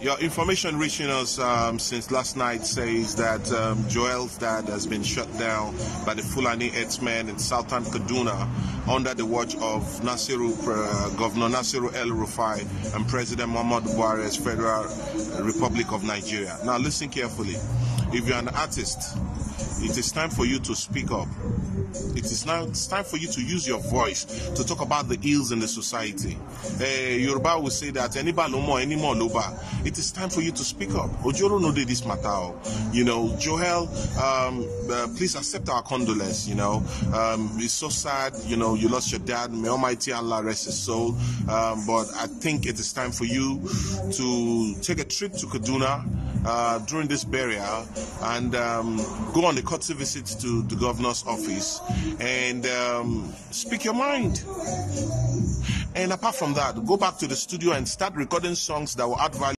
Your information reaching us um, since last night says that um, Joel's dad has been shut down by the Fulani headsmen in southern Kaduna under the watch of Nasiru, uh, Governor Nasiru El Rufai and President Muhammad Buhari's Federal Republic of Nigeria. Now listen carefully. If you're an artist, it is time for you to speak up. It is now it's time for you to use your voice to talk about the ills in the society. Uh, Yoruba will say that anybody no more, any more no more. It is time for you to speak up. Ojoro no did this matter. You know, Joel, um, uh, please accept our condolence. You know, um, it's so sad. You know, you lost your dad. May Almighty Allah rest his soul. Um, but I think it is time for you to take a trip to Kaduna uh, during this burial and um, go on a courtesy visit to the governor's office and um, speak your mind. And apart from that, go back to the studio and start recording songs that will add value.